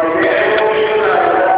Amen.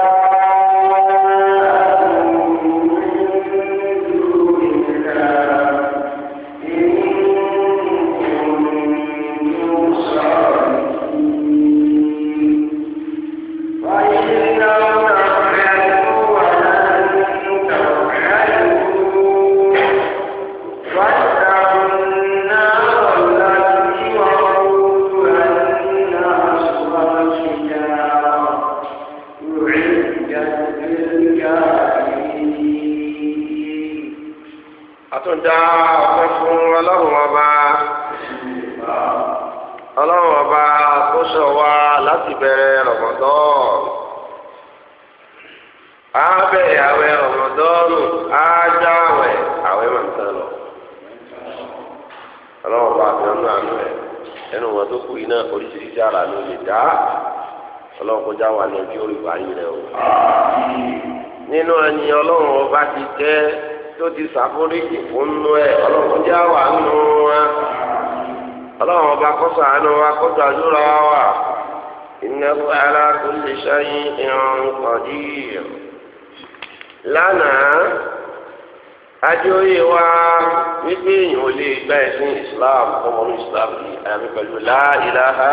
gba ẹ̀sìn islam ọmọlú islam yìí àyàfi pẹ̀lú láìláha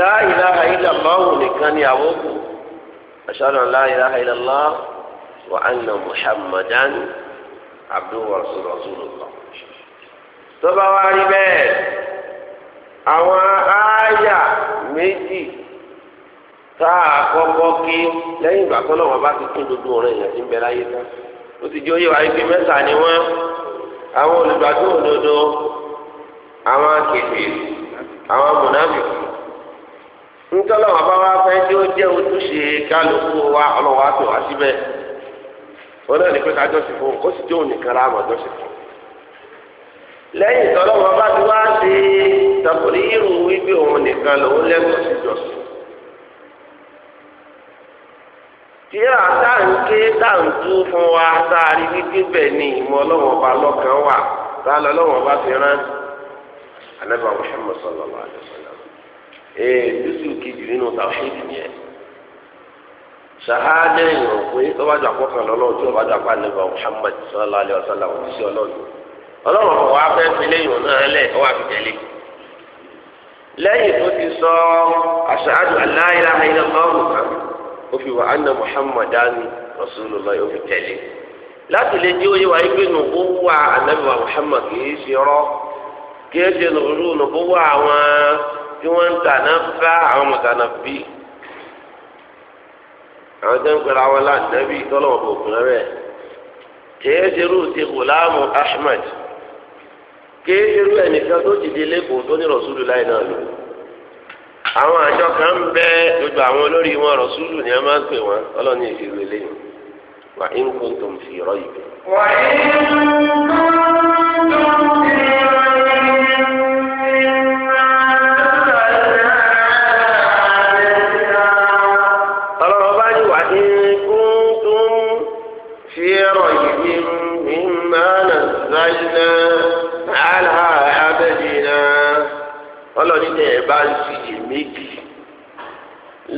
láìláha ìlàláwò nìkan ni àwọn kù aṣáájú láìláha ìlàlá wa anna muhammadan abdul rasul rasulullah. tọ́ba wa rí bẹ́ẹ̀ àwọn ááyà méjì tá a kọ́kọ́ kí lẹ́yìn ìgbà kan náà wọ́n bá ti tún gbogbo ọ̀rọ̀ èèyàn ń bẹ láyé tán ó ti jẹ́ oyè wáyé pé mẹ́ta ni wọ́n. àwọn olùgbàgbọ́ òdodo àwọn akèké àwọn mùnàbìkì ntọ́lọ́ wọn bá wá fẹ́ tí ó jẹ́ ojúṣe kálukú wa ọlọ́wọ́ àti wá síbẹ̀ wọn náà ní pé ká jọ́sìn fún ó sì jóun nìkan láàmú ọjọ́sìn fún lẹ́yìn tọ́lọ́ wá tàbùrí wípé òun nìkan tíra nke táǹtú fún wa sáàrí wípé bẹ́ẹ̀ ni ìmọ̀ ọlọ́wọ́n ọba lọ́kàn wà sáàlì ọlọ́wọ́n ọba fi rán anábà sallallahu alaihi Sallam. ee dúsù kejì nínú tawhid nìyẹn sahadẹ yìnyín pé ọbàjọ àkọkàn lọ́lọ́run tí ọbàjọ anábà sallallahu alaihi sí wa fẹẹ fi àfijẹlẹ tó ti sọ fi wà anna muhammadan rasulullah yóò fi tẹ̀lé láti lè jẹ́ oyè wa ibi wà anabi wa muhammad kìí ṣe rọ́ kìí ṣe nùbú nùbú wà àwọn tí wọn ń tàná bá àwọn mọ̀tàná bí àwọn tó ń wọn lánàbí tọ́lọ́wọ́ bò kún rẹ̀ kìí ṣe rú ti gùlámù ahmed kìí ṣe rú ẹnìkan tó ti di lẹ́kọ̀ọ́ tó ní náà àwọn àjọ kan bẹ gbogbo àwọn olórí wọn rọ̀ṣúlù ni a máa ń pè wọn ọlọ́ni ìṣirò eléyìí wà ń kó tó ń fi rọ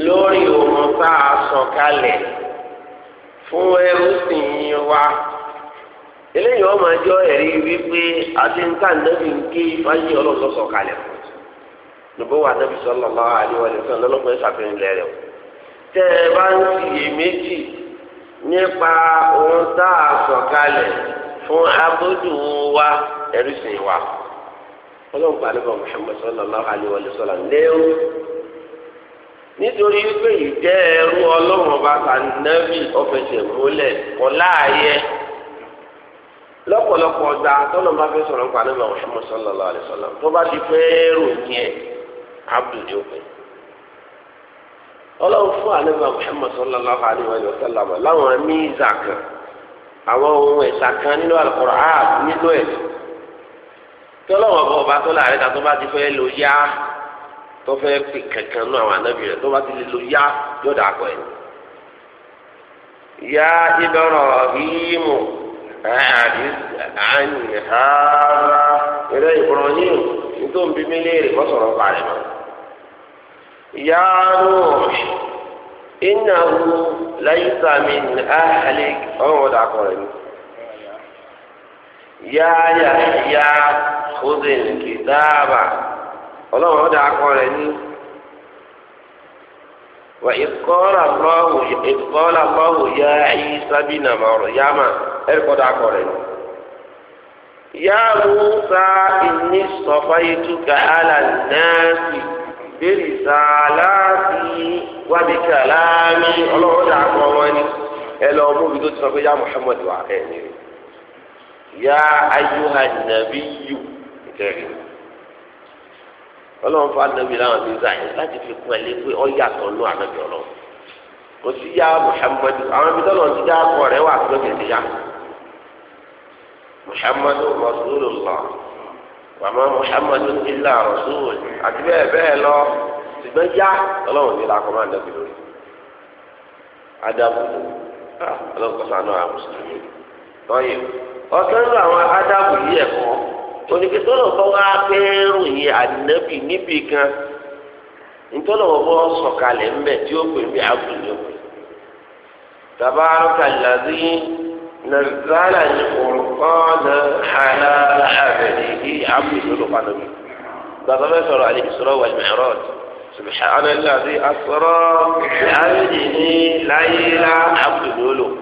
lórí òun tá a sọ kalẹ̀ fún ẹrúsìn wa eléyìí wọn máa jọ ẹ̀rí wípé àti nǹka nàbì ń ké fáyé ọlọ́sọ sọ kalẹ̀ fún nùbọ́ wa sọlọ sallallahu alaihi lọ́lọ́pẹ́ ṣàfihàn tẹ́ ẹ bá ń nípa fún abójú wa wa ọlọ́run bá sọlọ nítorí wípé ìjẹ́ ẹrú ọlọ́run ọba kànáfì ọ̀fẹsẹ̀ múlẹ̀ kọ́ láàyè lọ́pọ̀lọpọ̀ ọ̀dà tọ́lọ̀ bá fẹ́ sọ̀rọ̀ nípa ní Muhammad sallallahu alaihi wasallam tó bá ti fẹ́ rò yẹn abdul ni ó pè ọlọ́run fún àlẹ́bà Muhammad sallallahu alaihi wasallam láwọn míìzà kan àwọn ohun ẹ̀sà kan nínú Al-Qur'an nínú ẹ̀ tọ́lọ́wọ̀n ọba ọba tọ́lọ̀ àrẹ́ta tó bá ti fẹ́ lò yá tó fẹ́ pè kankan nú àwọn anábì rẹ̀ tó bá ti lè lo yá yóò dà kọ ẹ̀. yá Ibrahimu àníhàrá ìrẹ́ Ibrahim nítorí bí mi léèrè kọ́ sọ̀rọ̀ pa rẹ̀ mọ́. yá Nuh innahu laysa min ahlik ọ̀hún dà kọ rẹ̀ ni. Yahya khudhil kitaba. ọlọ́run ọ̀dà akọ rẹ̀ ní wà ìkọ́lá lọ́wọ́ ìkọ́lá lọ́wọ́ yá Ìsá bínà Màríyámà ẹ̀rìkọ́dà akọ rẹ̀ ní. yá Mùsá ìní sọ̀fáyé túkà àlà náàsì bèrè sàlásì wábi kàlámì ọlọ́run ọ̀dà akọ wọn ní ẹ lọ mú mi tó ti sọ pé yá wà ọlọ́run fa nàbí làwọn ti zà yẹn láti fi kún ẹlẹ́ pé ọ yàtọ̀ nù ànábì ọlọ́run kò sí ya muhammadu àwọn ibi tọ́lọ̀ ti dá akọ rẹ̀ wà tó tẹ̀lé ya muhammadu rasulullah màmá muhammadu illa rasul àti bẹ́ẹ̀ bẹ́ẹ̀ lọ ṣùgbọ́n ya ọlọ́run ní làkọ́ máa nàbí lórí adabu ọlọ́run kọ́sánú àwọn mùsùlùmí lọ́yẹ̀ ọ̀sán lọ àwọn adabu yìí ẹ̀kọ́ onígbèsọ́nà kan wá fẹ́ẹ́ ròyìn ànábì níbi kan nítorí wọn sọ̀kalẹ̀ ńbẹ tí ó pè mí àbùdó ni lazi nazala al-furqana ala abdihi àbùdó ló pàdé mi gbàgbọ́ bẹ́ẹ̀ sọ̀rọ̀ al-Isra wal-Mi'raj subhanallazi asra bi 'abdihi layla àbùdó ló pè.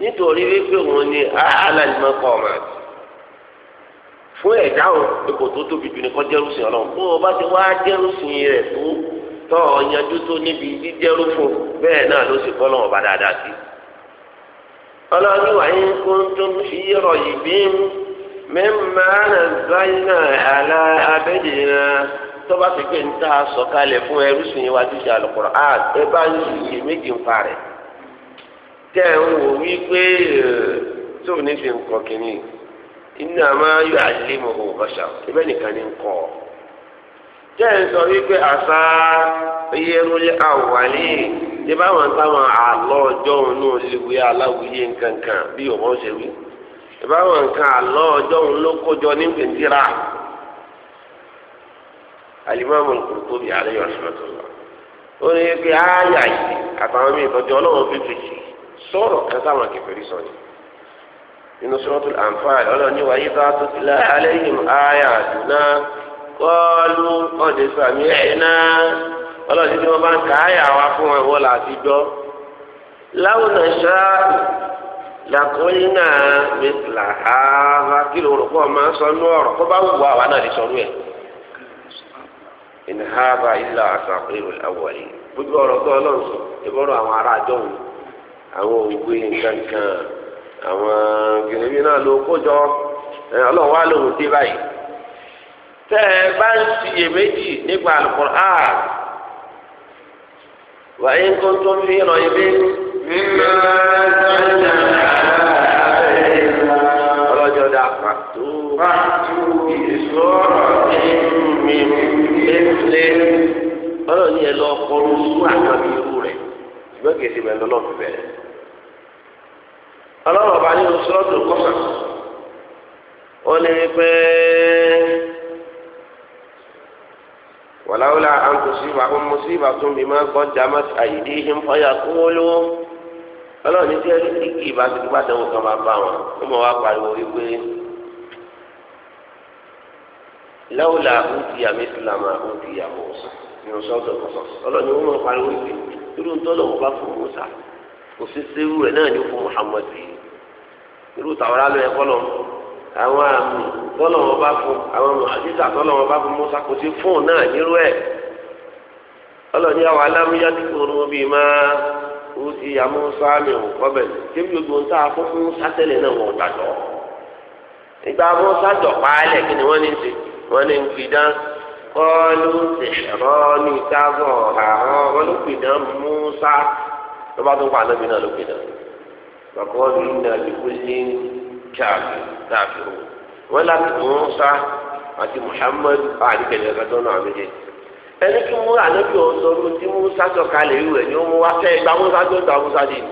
nítorí wípé òun ni alàlìmọ kọ ọmọ àti fún ẹ̀dá o ipò tó tóbi jù ní kọ jẹrùsìn Ọlọ́run bó o bá ti wá jẹrùsìn rẹ tó tọ ọyànjú tó níbi jíjẹrù fún bẹ́ẹ̀ náà ló sì kọ lọ́wọ́ bá dáadáa sí. ọlọ́run wà ní kó ń tó ń fi yọrọ yìí bí mímọ́ àgbáyé náà àlá abẹ́jẹ̀ náà tọ́ba pípé ń ta sọ̀kalẹ̀ fún ẹrú sìn wájú sí Al-Qur'an ẹ bá ń sùn yìí méjì ń parẹ́. tẹ ẹ ń wò wípé eh, tó ní fi nǹkan kìíní iná máa yọ àlémọ òwò nìkan nkọ tẹ ń sọ wípé àṣà yẹrúlẹ àwàlẹ ní báwọn táwọn àlọ ọjọ́ òun náà nkankan bí òun ṣe wí ìbáwọn nǹkan àlọ ọjọ́ òun ló kójọ ní gbèǹdìrà alimami ó ní pé àtàwọn Ọlọ́run sọ̀rọ̀ kẹta àwọn kẹfẹ́rí sọ ni nínú suratul Anfal ọlọ́ni wa yíká tó ti la alayhim ayatuna qalu qad sami'na ọlọ́ni tí wọ́n bá ń ka àyà Lawuna fún wọn láti gbọ́ law nasha'u laqulna mithla kí ló rò pọ̀ máa ń sọ nú ọ̀rọ̀ kó bá wù náà lè sọ ẹ̀ àwọn òwe nǹkankan àwọn gbìnrín náà ló kójọ ọlọ́run wá lòun dé báyìí tẹ́ ẹ bá ń ṣiyèméjì nípa Al-Qur'an wa in kuntum fi raybin mimma nazzalna ọlọ́jọ́ dà pàtó ìṣòro mi lé ọlọ́run yẹn lọ kọrin sí àgbàdo irú rẹ̀ ṣùgbọ́n kìí ṣe bẹ́ẹ̀ lọ́lọ́ fi bẹ̀rẹ̀ ọlọ́run ọba nínú sọ́ọ̀tù kọ́mà ó ní wípé wàláwùlà àǹtòsíbà ọmọsíbà tún bí máa gbọ́ jamus àyèdè ìhìn ọ̀yà kúwóló ọlọ́run ní jẹ́ ìkì ìbáṣepọ̀ àdánwò kan máa bá wọn ó mọ̀ wá pariwo wípé lawla utiya mislama utiya musa nínú sọ́ọ̀tù kọ́sọ̀ ọlọ́run ó mọ̀ pariwo wípé irú tọ́lọ̀ wọn bá fún musa kò sí sẹ́wù rẹ̀ náà ní fún muhammadu yìí irú tàwọ́rá ló yẹ kọ́lọ̀ àwọn àmì tọ́lọ̀ wọn bá fún àwọn àdìsá tọ́lọ̀ wọn bá fún Musa kò sí fún náà nírú ẹ̀ ọlọ́ni àwọn alámúyá tí kò rún bíi máa ó ti àmú sáàmì òkọ́bẹ̀ débi gbogbo ń tà fún Musa tẹ́lẹ̀ náà wọ́n dàjọ́ ìgbà Musa dọ̀ paálẹ̀ kí ni wọ́n ní ti wọ́n ní ń fi dán kọ́lù tẹ̀rọ ní kábọ̀ àwọn ọlọ́pìdán Musa ló bá tún pa ànábì náà lọ́pìdán. فقالوا إنا بكل كافر كافرون ولكن موسى àti Muhammad àdìgẹ̀lẹ̀ ẹ̀kẹ́tọ́ náà méje ẹni tí mo rà lójú ọ̀sọ́rú tí mo sásọ kalẹ̀ ìwẹ̀ ni ó mú wá fẹ́ gba Musa tó gba Musa dì ní.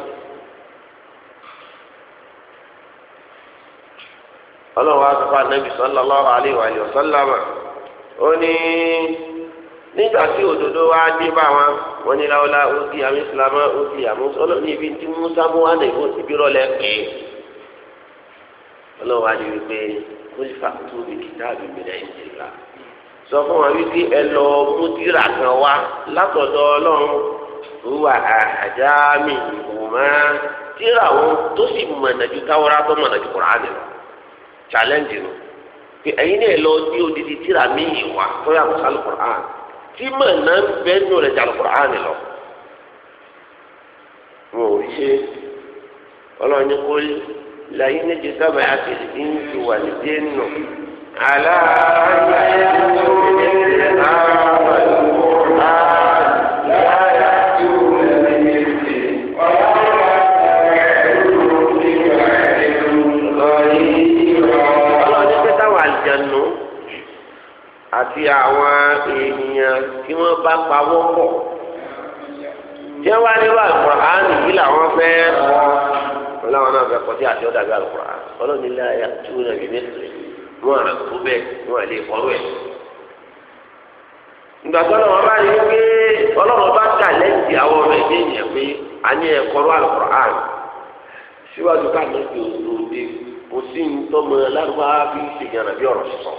ọlọ́run á sọ fún anabi sallallahu alaihi wa sallam ó ní. nígbà tí òdodo wá dé bá wọn wọn ní láwọlá òkè àmì ìsìlámà òkè àmì ọlọ́ọ̀ni ibi tí musa mú wà ní ìbò síbi rọlẹ̀ pé ọlọ́wọ́ adé wípé tó sì bí kìtà àbí sọ fún wọn wípé ẹ lọ mú kan wá látọ̀dọ̀ ọlọ́run wọn tó sì tó challenge pé ẹ̀yin náà lọ odidi tí mà náà ń bẹ nù rẹ̀ jàlù kùránì lọ. wọn ò ṣe ọlọ́run ní kó láyé méje sábà àti ìdíjú wà ní dénú. aláàbò ẹ̀rọ ẹ̀rọ. ni àlùkùrán ọlọ́ọ̀ni láyà na ó nàbí mẹ́sìlẹ̀ wọn àkó bẹ́ẹ̀ wọn àlè kọ́rọ́ ẹ̀. ìgbà tó lọ́wọ́ bá yẹ pé yẹn pé a ní ẹ̀ kọ́rọ́ àlùkùrán síwájú káàdì òdòdó kò sí ntọ́mọ lárúbáwá fi ṣèyàn àbí ọ̀rọ̀ sísọ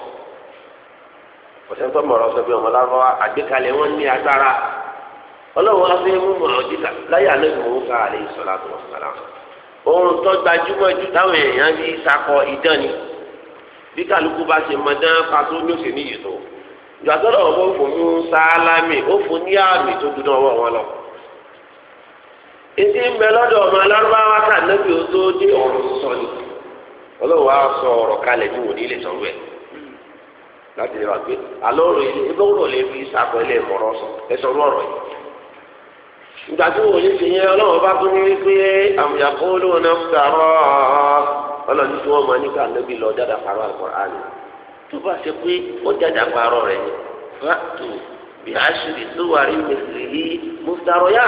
ale ohun tó gbajúmọ̀ jù táwọn èèyàn ní sakọ idán ni bí kálukú bá ṣe mọ dán pàtó ní òsè níyì tó ìgbàsọ́dọ̀ ọ̀bọ òfò ní sálámì ó fún ní àmì tó dúdú ọwọ́ wọn lọ. etí ń bẹ lọ́dọ̀ ọmọ alárúbáwá kà lẹ́bi ó tó dé ọ̀rọ̀ sọ ni ọlọ́wọ́ á sọ ọ̀rọ̀ kalẹ̀ ní òní lè sọ̀rọ̀ ẹ̀ láti lè wà pé alọ́rọ̀ ilé ìbọ̀wọ̀ lè fi sakọ ilé ìmọ̀ràn sọ ẹ sọ̀rọ̀ ìgbà tí wòye ti yẹn ọlọ́run bá tún ní wípé àmùyàkó lóun náà ń darọ́ ọlọ́run tí wọ́n máa ní ká lọ dáadáa parọ́ Al-Qur'an tó bá ṣe pé ó rẹ̀ a ṣe lè tó wà rí yìí yá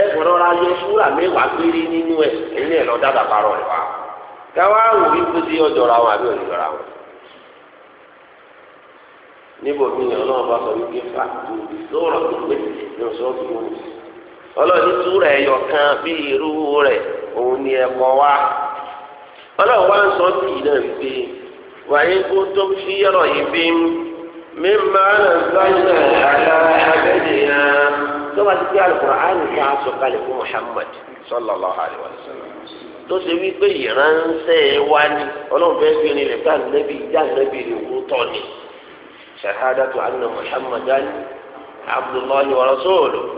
ẹ gbọ́dọ̀ ra yẹ súrà mẹ́wàá péré nínú ẹ̀ ẹ̀yìn ẹ̀ lọ dáadáa parọ́ rẹ̀ wá káwá wò wípé ọjọ́ ra wọn àbí níbo mi ọlọ́run bá sọ wípé tó ọlọ́ọ̀ni túrẹ̀ ẹ̀yọ kan bí irú rẹ̀ òun ni ẹ̀kọ́ wa ọlọ́ọ̀ wa ń sọ sí iná wípé wàyí kó tó fi ọ̀rọ̀ yìí fi ń mi máa ń sáyẹn àlá abẹ́lẹ̀ náà tó bá ti gbé Al-Qur'an ká sọ̀kalẹ̀ fún Muhammad sallallahu alaihi wa sallam tó ṣe wípé ìránṣẹ́ wa ni ọlọ́run fẹ́ fi ní lẹ́ka nẹ́bí já nẹ́bí rẹ̀ wó tọ́ ni shahadatu anna Muhammadan abdullahi wa rasuluhu.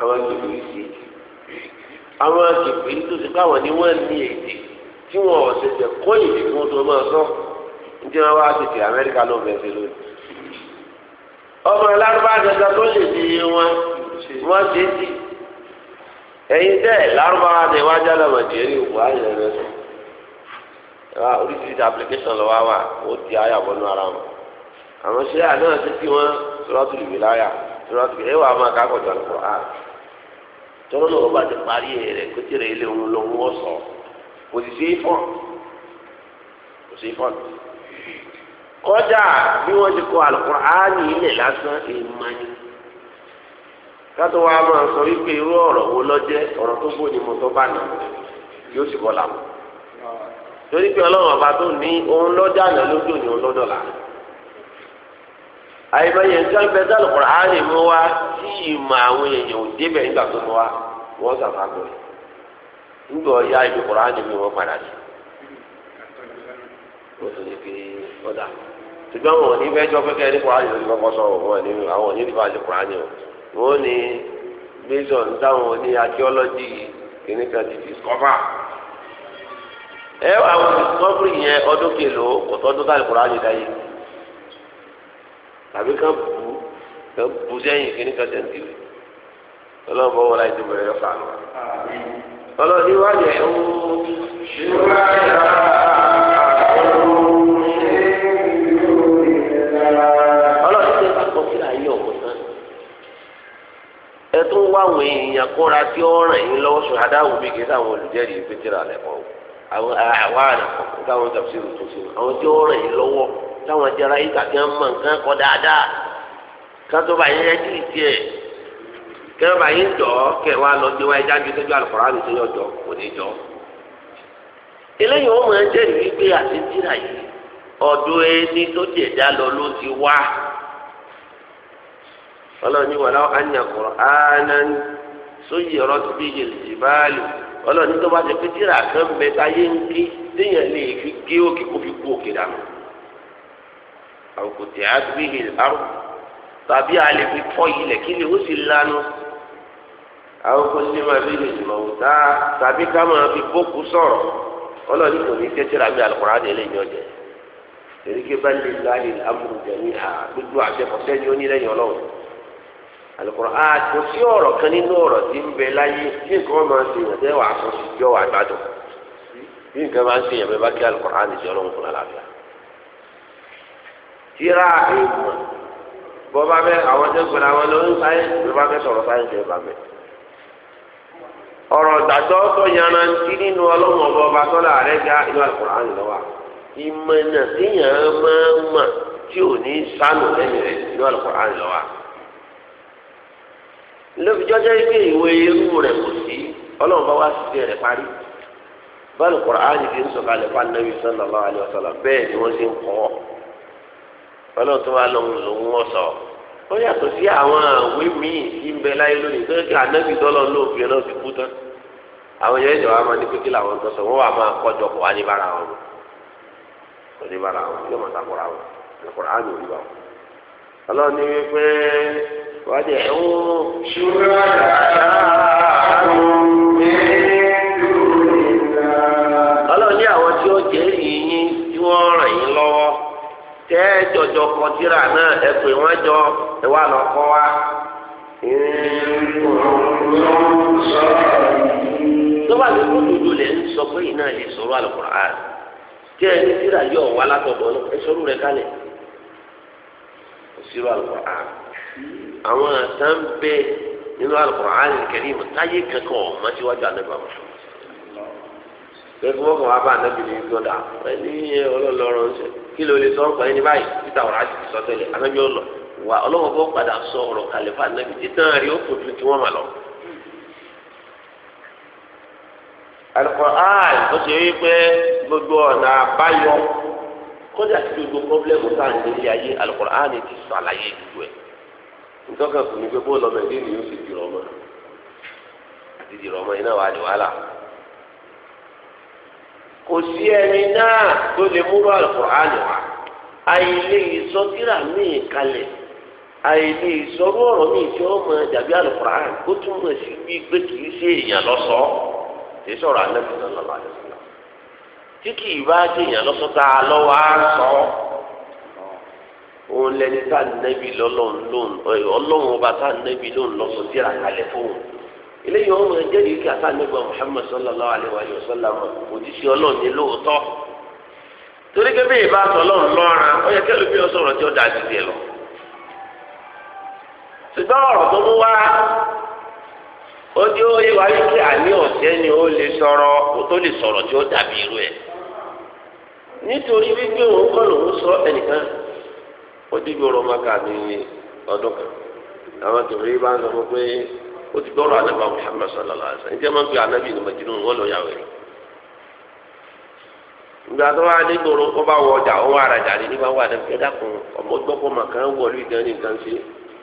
àwọn kìbìrì sí àwọn kìbìrì tó ti káwọn ni wọ́n ní èdè tí wọn ò ṣẹ̀ṣẹ̀ kọ́ èdè tí wọ́n tó máa sọ ní wọn wá tètè Amẹ́ríkà ló fẹẹ ṣe lónìí ọmọ alárúbá àgbẹ̀dá tó lè di wọn wọ́n ṣe é sí ẹ̀yin dẹ́ lárúbá àti ìwájú àlàmọ̀dé rí òkú ayẹyẹ rẹ sùn wa oríṣiríṣi application lọ wá wà ó di àyà wọnú ara wọn àwọn ṣé àná ṣe kí wọn sọlá tó lè wí láyà sọlá tó lè wí ẹ wà á máa ká kọjá lọ tọrọ lọ́wọ́ bá ti parí rẹ̀ kó ilé òun wọ́ sọ kò sì sí fọ́n kò sí fọ́n. kọ́dà bí wọ́n ti kọ Al-Kùránì ilẹ̀ lásán ni kátó wa máa sọ wípé irú ọ̀rọ̀ wo lọ́jẹ́ ọ̀rọ̀ tó bó ni mo tọ́ bá nà yóò sì torí pé ọlọ́run ọba tó ní òun lọ́jà náà lójú ni òun lọ́dọ̀ là tí tí àwọn èèyàn wọ́n sàfà gbọ́ yìí nígbà ya ibi kọ̀ọ̀rọ̀ á ní wọ́n padà sí wọ́n tún ní pé ọ̀dà ṣùgbọ́n wọn ní fẹ́ jọ pé kẹ́ni kọ̀ọ̀rọ̀ á yọ ní kọ́kọ́ sọ̀rọ̀ wọn ní àwọn òní nípa á ní táwọn kìíní kan ti discover ẹ àwọn discovery yẹn ọdún kìló kò á dáyé ọlọ́run bọ́ wọlé àti bẹ̀rẹ̀ yọ fàánù wa. ọlọ́run ní wájú ẹ̀ ń wú. ṣùgbọ́n àyà àtọ́rọ̀ ṣe ọlọ́run ti tẹ́ka kọ sí ayé ọ̀pọ̀ sàn. ẹ tún wá àwọn èèyàn kóra tí ó ràn yín lọ́wọ́ sùn adáhùn bí kìí sáwọn olùjẹ́rìí pétérà lẹ́kọ̀ọ́ àwọn àwa àlẹ́kọ̀ọ́ táwọn tàbísírù tó sí àwọn tí ó ràn yín lọ́wọ́ táwọn jẹ́ra yìí kàkẹ́ mọ̀ nǹkan kọ́ dáadáa ká tó bá yẹn yẹ kí tiẹ̀. kẹ́wọ́n bá yín jọ kẹ́ wá lọ gbé wá ẹja ju sẹ́jọ́ àlùkòrò àmì sẹ́yìn ọjọ́ kò ní jọ. eléyìí wọn máa ń wípé àti tíra yìí ọdún ẹni tó tiẹ̀ lọ ló ti wá. ọlọ́ọ̀ni wàlá ànyàkọ̀rọ̀ ànán sóyè ọ̀rọ̀ tó bí yèlè jì báàlù tó bá pé kan bẹ ń àwọn kò sí máa bí ìmọ̀ òòtá tàbí ká máa fi bókú sọ̀rọ̀ ọlọ́ọ̀ni kò ní kẹ́sìrà bí alukóra ní eléyìí ọ̀jẹ̀ erike bá lè láyé amúlù jẹ̀mí à gbogbo àjẹkọ̀sẹ́ ni ó ní lẹ́yìn ọlọ́run alukóra a kò sí ọ̀rọ̀ kan nínú ọ̀rọ̀ tí ń bẹ láyé bí nǹkan máa ń ṣe yàn bẹ́ẹ̀ wà sọ sí jọ́ wà gbàdọ̀ bí nǹkan máa ń ṣe yàn bá kí alukóra ní ìṣẹ́ ọlọ́run fún àlàáfíà tíra èèmọ̀ bọ́ bá àwọn tẹ́gbẹ̀rẹ̀ àwọn ló ń sáyẹ́ǹsì bọ́ bá bẹ́ sọ̀rọ̀ sáyẹ́ǹsì ọrọ gbàgbọ́ tó yànnà ti nínú ọlọmọ ọba ọba tọ́lá rẹ̀ ga inú Al-Qur'an lọ́wọ́ ìmọ̀nà téèyàn máa ń mà tí ò ní sánù lẹ́yìn rẹ̀ inú Al-Qur'an ike ìwé irú rẹ̀ kò sí ọlọ́run wá sí rẹ̀ parí báyìí Al-Qur'an fi ń fún bẹ́ẹ̀ ni wọ́n ti ń ó yàtọ̀ sí àwọn àwé míì tí ń bẹ láyé lónìí tó ń kí anábì tọ́lọ̀ ló fi náà fi kú tán àwọn yẹn ìjọba máa ní wọn wà máa kọjọ kó aníbàárà wọn oníbàárà wọn yóò máa takora wọn á lòrí wa ọlọ́run ní wípé wọ́n ń ọlọ́run ní àwọn tí ó jẹ́ tí wọ́n ràn tẹ jọjọ kọtira náà ẹ pè wọn jọ ẹ wà lọ kọ wa. tọ́ba ló kó dodo ń sọ pé iná lè sọ̀rọ̀ Al-Qur'an tẹ ẹni yọ wá látọ̀dọ̀ náà ẹ sọ̀rọ̀ rẹ kálẹ̀ àwọn àtàn bẹ pẹ̀lú wọn kò wá bá ànábì ní gbọ́dọ̀ ẹni ọlọ́lọ́rọ̀ ń sẹ́ kí ló lè sọ ọ́n pa ẹni báyìí títà ọ̀rọ̀ àti ti sọ tẹ́lẹ̀ ànábì ọ̀lọ́ wa ọlọ́wọ́ padà sọ ọ̀rọ̀ kalẹ̀ fún ànábì títàn rí ó kò tuntun tí mà lọ. ṣe gbogbo ọ̀nà àbáyọ kódà tí gbogbo pọ́blẹ́mù tá à ń délé ayé ti sọ àlàyé ìdúró kò sí ẹni náà tó lè múrò àlùkùránì wá àìlè ìsọtírà míì kalẹ̀ àìlè ìsọrú ọ̀rọ̀ míì tí ó mọ dàbí àlùkùránì ó túmọ̀ sí bí pé kì í ṣe èèyàn tí sọ̀rọ̀ lọ́la tí kì í bá ṣe èèyàn tá a sọ òun lẹni tá a lọ́lọ́run ọba tá a lóun kalẹ̀ eléyìí wọn máa jẹ́rìí kí ike Muhammad sallallahu alayhi wa sallam òjíṣẹ́ Ọlọ́run ní lóòótọ́ torí pé bí ìbá sọ lọ́ra ó yẹ kẹ́lò bí ọsọ̀rọ̀ tí ó da dìde lọ. ṣùgbọ́n ọ̀rọ̀ tó mú wá ó dé ó yé àní ọ̀sẹ́ ni ó lè sọ̀rọ̀ kó tó lè sọ̀rọ̀ tí ó dàbí irú ẹ̀. nítorí wípé òun kọ́ kan àwọn tòun rí ó ti gbọ́rọ̀ anábà Muhammad sallallahu alaihi wasallam ǹjẹ́ máa ń pe anábì ní majnun wọn lọ yàwé rẹ̀ ìgbà gbòòrò kó bá wọ ọjà ó wà rajà ní nígbà wà ní ẹ̀dá kan ọmọ gbọ́kọ̀ mà kàn wọlé ìdán ní nǹkan ṣe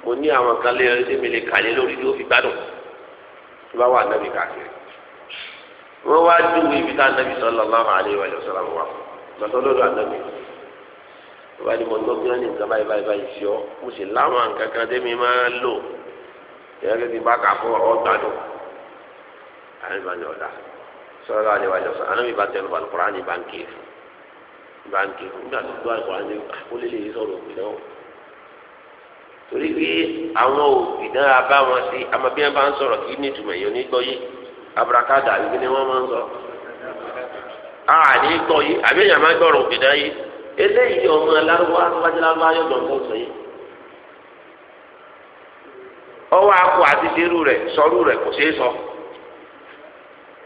mo ní àwọn kan lé ẹni mi lè kàlé lórí tí fi gbádùn tó bá wà nábì káàkiri wọn wá dùn ibi tá anábì sallallahu alaihi wasallam wà lọ́tọ̀ lọ́dọ̀ anábì tó bá ní mo gbọ́ kí wọ́n ní nǹkan báyìí báyìí ìyẹn ló ti bá kà fún ọgbàdo àyìn bá ní ọ̀dà sọ́dọ̀ bá wájú sọ àná mi bá tẹnu bá lùkùrá ní báńkì fún báńkì fún nígbà tó gbọ́ àlùkùrá ní àkólé lè sọ̀rọ̀ òbí náà torí pé àwọn òbí náà bá wọn sí bá ń sọ̀rọ̀ kí ní ìtumọ̀ èèyàn ní gbọ́yé ni wọ́n máa ń sọ àní gbọ́yé àbí èèyàn máa gbọ́rọ̀ òbí náà ọwọ́ akọ àti ṣerú rẹ̀ sọrú rẹ̀ kò ṣeé sọ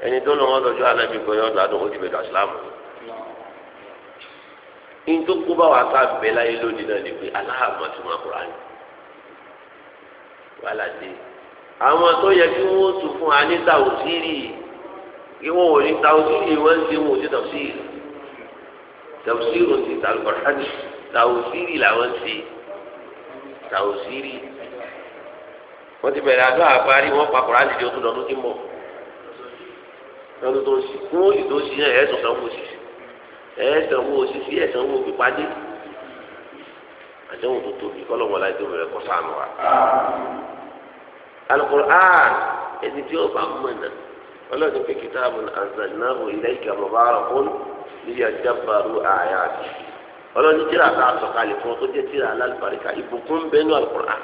ẹni tó lọ́wọ́ lọ́jọ́ alẹ́bí kan yọ̀dọ̀ àdókò ti bẹ̀rẹ̀ àṣìlámù ní tó kó bá wà ká bẹ̀ láyé lónìí náà ni pé aláàmọ̀ tó máa kúrò àná wàhálà dé àwọn tó yẹ kí wọ́n tún fún wa ní tàwùsírì kí wọ́n wò ní tàwùsírì wọ́n ń ṣe wọn ò ní tàwùsírì tàwùsírì ti tàlùkọ̀rọ̀ tàwùsírì làwọn ṣe tàwùsírì wọ́n ti bẹ̀rẹ̀ àdó àgbárí wọ́n pa kọ̀ọ̀rọ̀ àdìdì ọdún lọ́dún tí ń bọ̀ lọ́dún tó ń ṣe fún òyìn tó ń ṣe yẹn ẹ̀sùn sanwó sí ẹ̀sùn owó sí sí ẹ̀sùn owó pípadé àdéhùn tó tóbi kọ́lọ́mọ láti tó bẹ̀rẹ̀ kọ́ sànù wa. Al-Qur'an ẹni tí ó bá mọ̀ náà ọlọ́dún pé kìtàbù anzalnahu ilayka mubarakun liyadabbaru ayatihi ọlọ́dún tíra ta sọ̀kalẹ̀ fún ọ tó jẹ́ tíra alálùbáríkà quran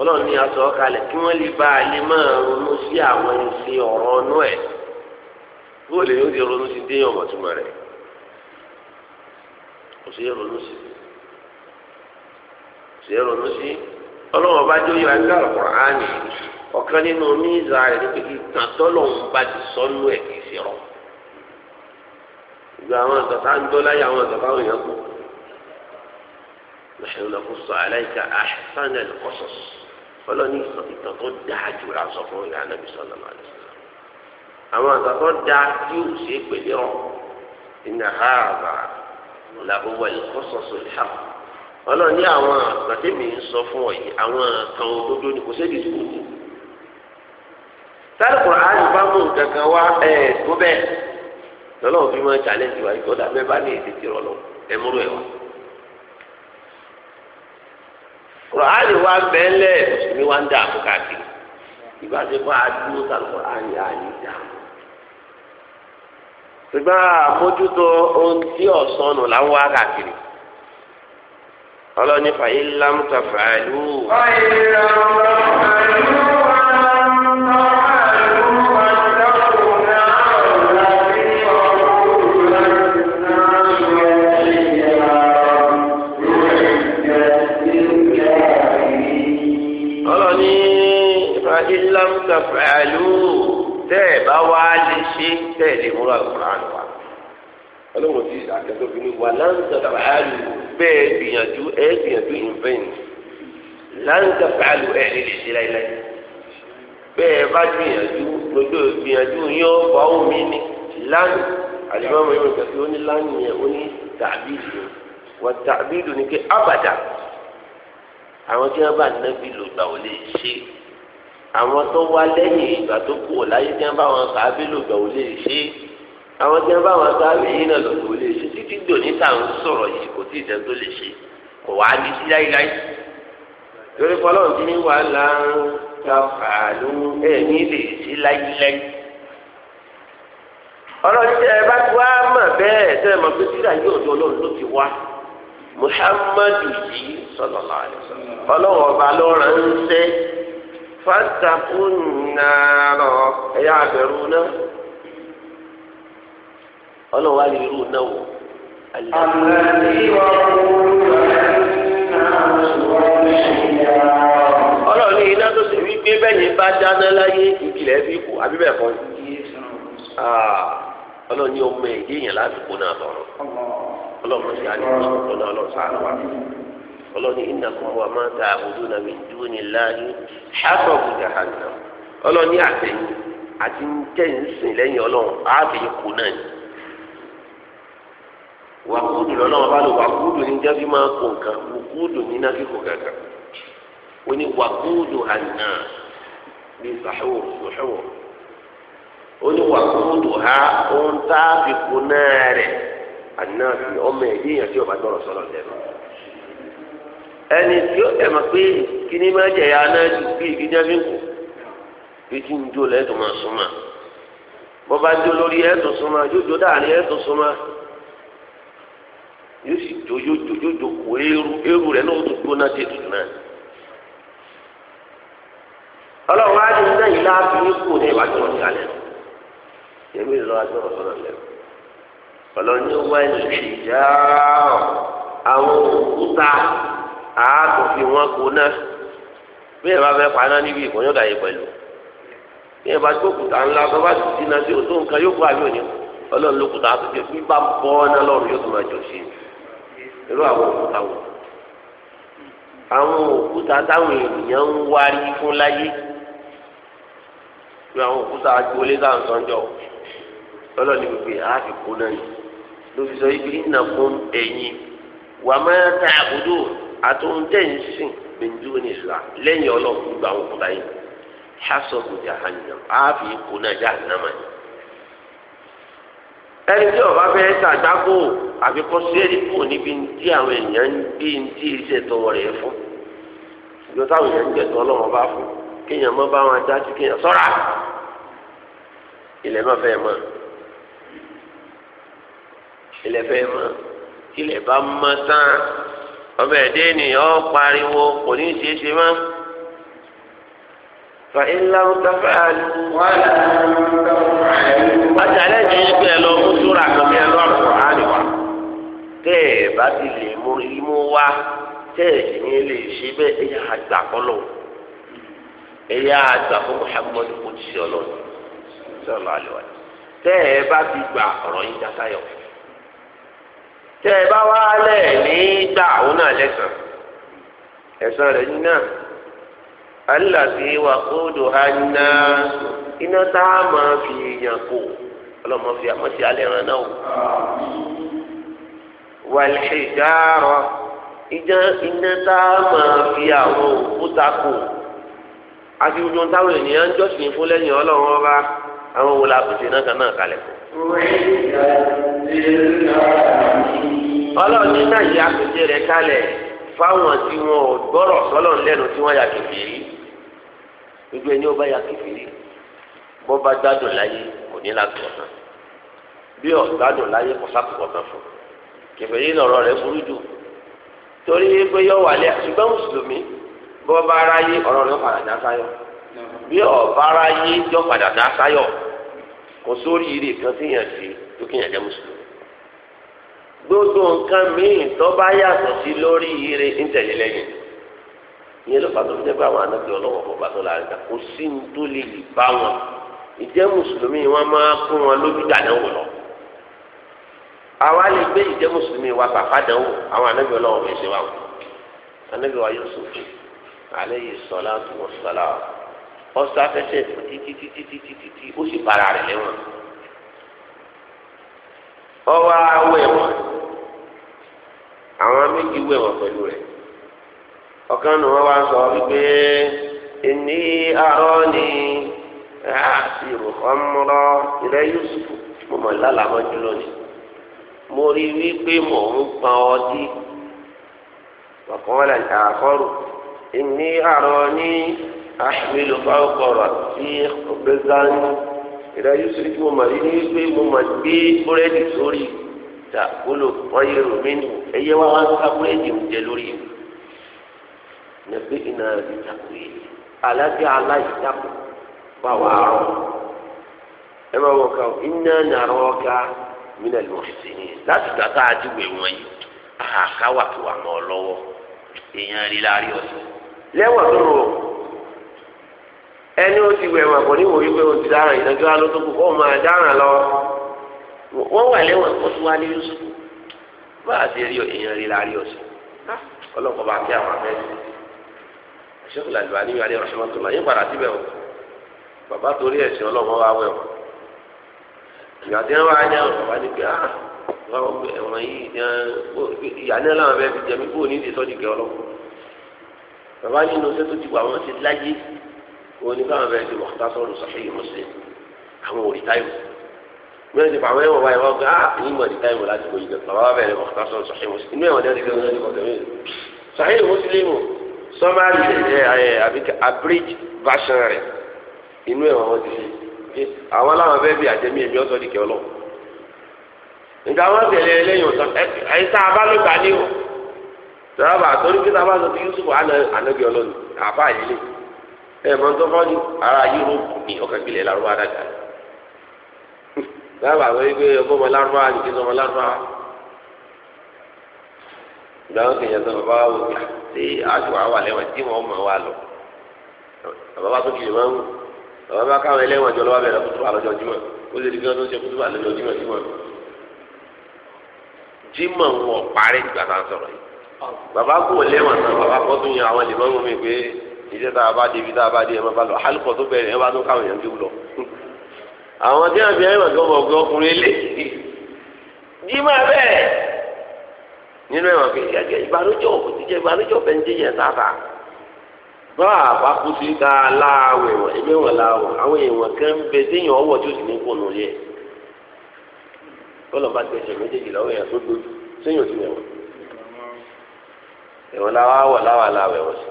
ọlọ́run ní aṣọ kalẹ̀ kí wọ́n lè bá a lè máa ronú sí àwọn ìṣe ọ̀rọ̀ ọ̀nú ẹ̀ bó lè yóò di ronú sí déyàn ọ̀mọ̀túnmọ̀ rẹ̀ kò sí ronú sí kò sí ronú sí ọlọ́run ọba jó yọ ẹgbẹ́ ọ̀rọ̀ ààyè ọ̀kan nínú míìzà rẹ̀ ní pẹ̀lú ìtàn tọ́lọ́run bá ti sọ́nú ẹ̀ kì í sí rọ ìgbà àwọn àtọ̀tà ń dọ́lá yà àwọn àtọ̀tà àwọn èèyàn kù. نحن نقص عليك أحسن القصص ọlọ́ni ìtàn tó dáa jù la sọ fún ìlànà nàbì sọlọ máa lọ sọlọ àwọn àgbà tó dáa tí ò ṣe pèlè ọ ìnà ha àgbà làbúwà ìkọsọsọ ìhà ọlọ́ni àwọn àgbà tèmi ń sọ fún ọ yìí àwọn kan òdodo ni kò sébi tó kù tálùkù àyè bá mú nǹkan wá ẹ tó bẹ́ẹ̀ lọ́lọ́run máa ń challenge wa ìkọ́dà mẹ́bàá ní èdè tìrọ̀ lọ ẹ múrò ẹ wá. kùránì wa bẹ́ẹ̀lẹ̀ mùsùlùmí wa ń dà kó káàkiri ìgbà tí wọ́n á dúró sálọ kùránì àyè dà. ṣùgbọ́n àmójútó ohun tí ọ̀sán nù là ń wá káàkiri. ọlọ́ni fàyè lámùtà fàálù. fàyè lámùtà fàálù wà lámùtà. taf'alu tẹ́ ẹ̀ bá wá lè ṣe tẹ́ ẹ̀ lè múra Al-Qur'an wa ọlọ́run ti àtẹ́tọ́ fi ni wà láǹtà fàálù bẹ́ẹ̀ gbìyànjú ẹ̀ gbìyànjú invent láǹtà fàálù ẹ̀ lè lè ṣe láìláì bẹ́ẹ̀ bá gbìyànjú lójú gbìyànjú yóò fọ àwọn mi ní lánù yóò gbà pé ó ní lánù yẹn ó ní tàbílù wà tàbílù ni pé abàdà àwọn tí wọ́n bá nẹ́bí lògbà ò lè ṣe àwọn tó wá lẹ́yìn ìgbà tó kù láyé tí wọ́n bá wọn sàábé lògbà ò lè ṣe àwọn tí wọ́n bá wọn sàábé yìí náà lògbà ò lè ṣe títí dòní tá à ń sọ̀rọ̀ yìí kò tí ì dẹ́n tó lè ṣe kò wá ní sí láíláí. lórí fọlọ́run tí ní wàhálà ń ta fàánú ẹ̀ ní lè ṣe láíláí. ọlọ́run tí ẹ bá ti wá mọ̀ bẹ́ẹ̀ tẹ́ ẹ mọ̀ pé síra yóò ọlọ́run fàtàkù nàárọ̀ ẹ̀yà àbẹ̀rù náà ọlọ́wọ́ á lè rú náà wò. ọlọ́run ní iná tó ṣe wípé bẹ́yìn bá dáná láyé ìkìlẹ̀ bí kù àbí bẹ́ẹ̀ kọ́ ọlọ́run ní ọmọ láti kó náà ọlọ́run náà ọlọ́ni ìnàkùn wà máa ta àbùdó nàbí dúró ní láàyè ṣàtọ̀kù jàhánà ọlọ́ni àtẹ̀yìn àti jẹ́yìnsìn lẹ́yìn ọlọ́run àbẹ̀yìn kù náà ni. wàkúùdù lọ́nà wọn bá lò wàkúùdù ní jábí máa kó nǹkan wàkúùdù ní náà kíkó gàgà ó ní wàkúùdù àná bí sàhùwò sòhùwò ó ní wàkúùdù ha ohun tá a náà rẹ̀ àná ọmọ ẹ̀dínyàn tí ọba tọrọ sọ́lọ́ ẹni tí ó ẹ̀ mọ̀ pé kíní máa ya náà ju bí ìdíjà fi ń kù bí tí ń jó lẹ́tọ̀ máa súnmọ́ bó bá jó lórí ẹ̀tọ̀ súnmọ́ yóò dáàrin ẹ̀tọ̀ súnmọ́ yóò sì jó yóò kó eru eru rẹ̀ náà ó tún gbóná tù náà. ọlọ́run á náà yìí ní kò ní àti àákò fi wọn kó náà bí ẹ bá fẹ́ paná níbi ìkọ́nyọ́ dàyé pẹ̀lú bí ẹ bá tó kùtà ńlá bá bá sì sí iná tí o tó nǹkan yóò kó àyò ní ọlọ́run ló kùtà àtúnṣe bí bá bọ́ ọ́nà lọ́rùn yóò tó máa jọ sí irú àwọn òkúta wò àwọn òkúta táwọn èèyàn ń wárí fún láyé irú àwọn òkúta agboolé táwọn sọ́njọ́ ọlọ́run ní pípé àáfi kó náà ní ló fi sọ ibi ìnàkún ẹ̀yìn wàmọ́ tá àbúdó àtúntẹ̀ ń sìn gbẹ̀ndú ní ìlà lẹ́yìn ọlọ́run gbogbo àwọn òkúta yìí hasọ̀kù jahannam ààfin ikú náà jahannama ni. ẹni tí ọba fẹ́ ṣàgbákò àfikún sẹ́ẹ̀lì kù níbi tí àwọn èèyàn ń gbé ń tí iṣẹ́ tọwọ́ rẹ̀ fún ìjọ táwọn èèyàn ń jẹ̀tọ́ ọlọ́run bá fún kéèyàn mọ́ bá wọn ajá sí kéèyàn sọ́ra ilẹ̀ má fẹ́ mọ́ ilẹ̀ fẹ́ mọ́ ilẹ̀ bá mọ́ tán. ọbẹ̀ ẹ̀dẹ́ ènìyàn pariwo kò ní ṣe é ṣe mọ́. fa ilá ń tafẹ́ lẹ́yìn lọ súra kan bí ẹ lọ́rùn kọ́ tẹ́ ẹ bá ti lè mú imú wá tẹ́ ẹ sì ní lè ṣe bẹ́ẹ̀ ẹ̀yà àgbà kọ́lọ̀ fún kò ti ṣe tẹ́ ẹ bá ti gbà ọ̀rọ̀ yín tẹ ẹ bá wá lẹ nígbà òun náà lẹsàn ẹsàn rẹ yín náà aláàbí wa kóòdù hànà iná tá a máa fi yàn kó ọlọmọ fi àmọsí alẹ ràn náà o wàlhìjárọ ìjà iná tá a máa fi àwọn òkúta kó àti ojú táwọn ènìyàn ń jọ́sìn fún lẹ́yìn Ọlọ́run ọba àwọn wo la náà kan náà kalẹ̀ kó ọlọ́run ní náà yà àpèjẹ rẹ̀ kalẹ̀ fáwọn tí wọn ò gbọ́rọ̀ sọ́lọ̀ lẹ́nu tí wọ́n yà kèfèrí gbogbo ẹni ó bá yà kèfèrí bọ́ bá gbádùn láyé kò ní láti ọ̀sán bí ọ̀gbádùn láyé kò sákòkò kan fún kèfèrí lọ̀rọ̀ rẹ̀ burú jù torí pé yọ wà lẹ́ ṣùgbọ́n mùsùlùmí bọ́ bá ráyé ọ̀rọ̀ rẹ̀ padà dá sáyọ̀ bí ọ̀bá ráyé yọ padà dá sáyọ̀ kò sórí ire kan téèyàn ṣe tó gbogbo nǹkan míì tó bá yàtọ̀ sí lórí ire ń ìyẹn ló pàtó fi jẹ́ àwọn anábì ọlọ́wọ́ fún pàtó láàrin ká kó sí ní tó lè lè bá wọn ìjẹ́ mùsùlùmí wọn máa kún wọn lójú lọ àwa lè gbé ìjẹ́ mùsùlùmí wa bàbá dánwò àwọn anábì ọlọ́wọ́ fi ṣe wà wọn anábì wa Yusuf alayhi salatu wassalam ọ̀sáfẹ́sẹ̀ ó sì bára rẹ̀ lẹ́wọ̀n àwọn méjì wẹ̀ wọ́n pẹ̀lú rẹ̀ ọ̀kan nù wọ́n wá sọ wípé ẹni arọ́ ni àti ìrùkọ́mọ́rọ́ ìrẹ́ Yusuf mo mọ̀ lálàmọ́ jùlọ ni mo rí wípé mò ń pa ọdí wàkọ́lẹ̀ tààkọ́rù ẹni arọ́ ni àṣìlò kọ́kọ́rọ̀ sí ọ̀gbẹ́sán ìrẹ́ Yusuf mo mọ̀ rí wípé mo mọ̀ gbé búrẹ́dì sórí ta gbolo wáyé rominu ẹyẹ wá wá ń kápẹ́ ẹ̀jẹ̀ oúnjẹ lórí ìlú nàbí iná ìtàkù yìí alábí aláìtàkù wà wà rọ ẹ máa wọ ká iná nàrọ ká mina lọ sí ni láti gbàtà àdìwẹ̀ wọn yìí àhàkáwà wà mọ́ ọ lọ́wọ́ èèyàn rí láàrin ọ̀sẹ̀ lẹ́wọ̀n tó rò ẹni ó ti wẹ̀ wọn kò ní pé o ti dáràn ìdájọ́ alótókù kó o máa dáràn lọ wọ́n wà lẹ́wọ̀n wọ́n tún wá ní Yusuf bá a ti rí èèyàn rí la rí ọ̀sẹ̀ ah. ọlọ́kọ̀ bá kí àwọn abẹ́rẹ́ ṣẹ́kù làlùbá ní ìwádìí ọ̀sẹ̀ mọ́tò náà yín padà síbẹ̀ o bàbá torí ẹ̀sìn ọlọ́mọ wa wẹ̀ o ìgbà tí wọ́n wá yá bàbá ní pé ah ẹ̀wọ̀n yìí ah, ìyáni ọlọ́run bẹ́ẹ̀ fi jẹ mí bóun ní ìdí kẹ́ ọlọ́kọ̀ bàbá من يدفع fàwọn ẹ̀wọ̀n báyìí wọ́n gbé ah ìyín mọ̀ níta ìwọ̀n láti gbòyìn gàtà bàbá صحيح مسلم sọ sọ̀hìn mùsùlùmí inú ẹ̀wọ̀n صحيح مسلم ní ọ̀dọ̀ mi sọ̀hìn mùsùlùmí sọ́mari ẹ̀ ẹ̀ àbíkẹ́ abridge version rẹ̀ inú ẹ̀wọ̀n wọn ti ṣe àwọn aláwọ̀ bẹ́ẹ̀ bí àjẹmí èmi ọ̀sọ́ di kẹ́ọ́lọ́ nígbà wọn tẹ̀lé ẹlẹ́yìn ọ̀sán ẹ̀ẹ́sà abálògbà ni o sọ́ba àtọ́rí pé sábà sọ ti Yusuf anabi ọlọ́ni àfa àyílẹ̀ ẹ̀ mọ́tò fọ́ọ̀dù ara yúróòpù ni ọkàn gbilẹ̀ lárúbá dàgbà sábà wọ́n yí pé ọgbọ́n ọmọ lárúbá àdìgí ọmọ lárúbá ìgbà wọn kì í yàtọ̀ bàbá wa wò ó ṣe aṣọ àwọn àlẹ́wọ̀n tí wọ́n mọ̀ wá lọ bàbá bá tó kiri máa ń wù bàbá bá káwọn ẹlẹ́wọ̀n jọ lọ́wọ́ bẹ̀rẹ̀ kútu àlọ́jọ jímọ̀ ó lè di kí wọ́n tó ṣe kútu àlọ́jọ jímọ̀ jímọ̀ jímọ̀ ń wọ̀ parí ìgbà tá a sọ̀rọ̀ yìí bàbá kò lẹ́wọ̀n náà bàbá kọ́ tó yan àwọn ìlú mọ́mú àwọn tí wọn fi ẹyìn wàgbọ́n bọ̀ gbọ́ ọkùnrin eléyìí jí máa bẹ́ẹ̀ nínú ẹ̀wọ̀n kì í jẹ́ ìbànújẹ́ òkú ti jẹ́ ìbànújẹ́ ọ̀bẹ ń jẹ́ yẹn sábà bá a bá kú sí ká láàwẹ̀ wọ̀ ẹgbẹ́ wọn láàwọ̀ àwọn èèwọ̀n kan ń bẹ téèyàn ọwọ́ tí ó sì ní kó nù yẹ kọlọ̀ bá ti méjèèjì lọ́wọ́ yẹn tó dojú séèyàn ti mẹ̀wọ̀n ẹ̀wọ̀n láwa wọ̀ láwa láwẹ̀ wọ̀ sí.